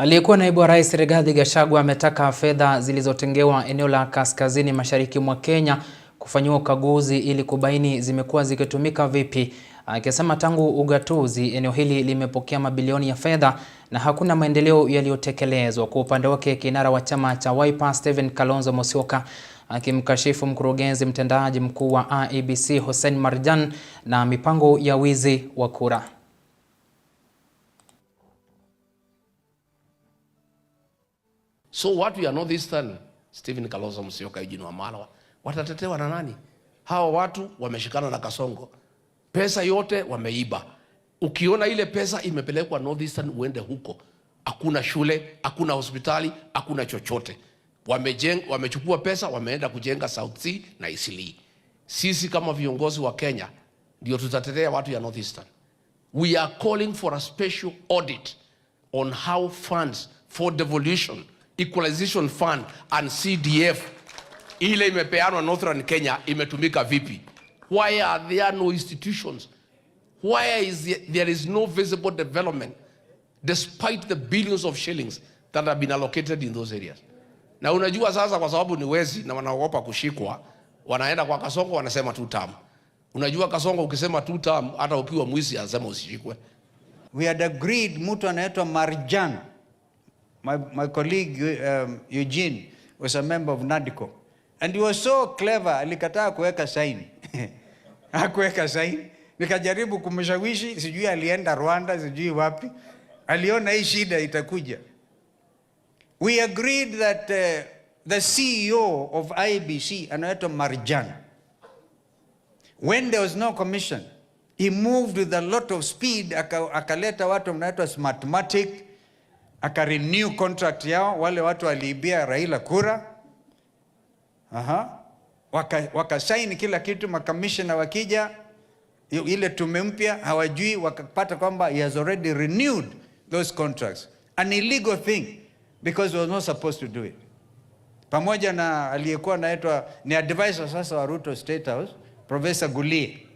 Aliyekuwa naibu wa rais Rigathi Gachagua ametaka fedha zilizotengewa eneo la kaskazini mashariki mwa Kenya kufanyiwa ukaguzi ili kubaini zimekuwa zikitumika vipi, akisema tangu ugatuzi eneo hili limepokea mabilioni ya fedha na hakuna maendeleo yaliyotekelezwa. Kwa upande wake, kinara wa chama cha Wiper Stephen Kalonzo Musyoka akimkashifu mkurugenzi mtendaji mkuu wa IEBC Hussein Marjan na mipango ya wizi wa kura. So what we are not this time, Stephen Kalonzo Musyoka, Eugene Wamalwa watatetewa na nani? Hawa watu wameshikana na Kasongo, pesa yote wameiba. Ukiona ile pesa imepelekwa North Eastern, uende huko, hakuna shule, hakuna hospitali, hakuna chochote. Wamejeng, wamechukua pesa wameenda kujenga South Sea na Eastleigh. Sisi kama viongozi wa Kenya ndio tutatetea watu ya North Eastern. We are calling for a special audit on how funds for devolution Equalization Fund and CDF ile imepeanwa Northern Kenya imetumika vipi? Why are there no institutions? Why is there, there is no visible development despite the billions of shillings that have been allocated in those areas? Na unajua sasa, kwa sababu ni wezi na wanaogopa kushikwa, wanaenda kwa Kasongo wanasema tu term. Unajua Kasongo ukisema tu term, hata ukiwa mwizi anasema usishikwe. We had agreed mtu anaitwa Marjan My, my colleague um, Eugene was a member of NADCO and he was so clever, alikataa kuweka saini hakuweka saini. Nikajaribu kumshawishi, sijui alienda Rwanda, sijui wapi, aliona hii shida itakuja. We agreed that uh, the CEO of IBC anaitwa Marjan. When there was no commission, he moved with a lot of speed, akaleta watu mnaitwa Smartmatic akarenew contract yao. Wale watu waliibia Raila kura, aha, wakasaini waka kila kitu. Makamishna wakija ile tume mpya hawajui, wakapata kwamba he has already renewed those contracts, an illegal thing because he was not supposed to do it. Pamoja na aliyekuwa naitwa ni advisor sasa wa Ruto State House, Professor Gulie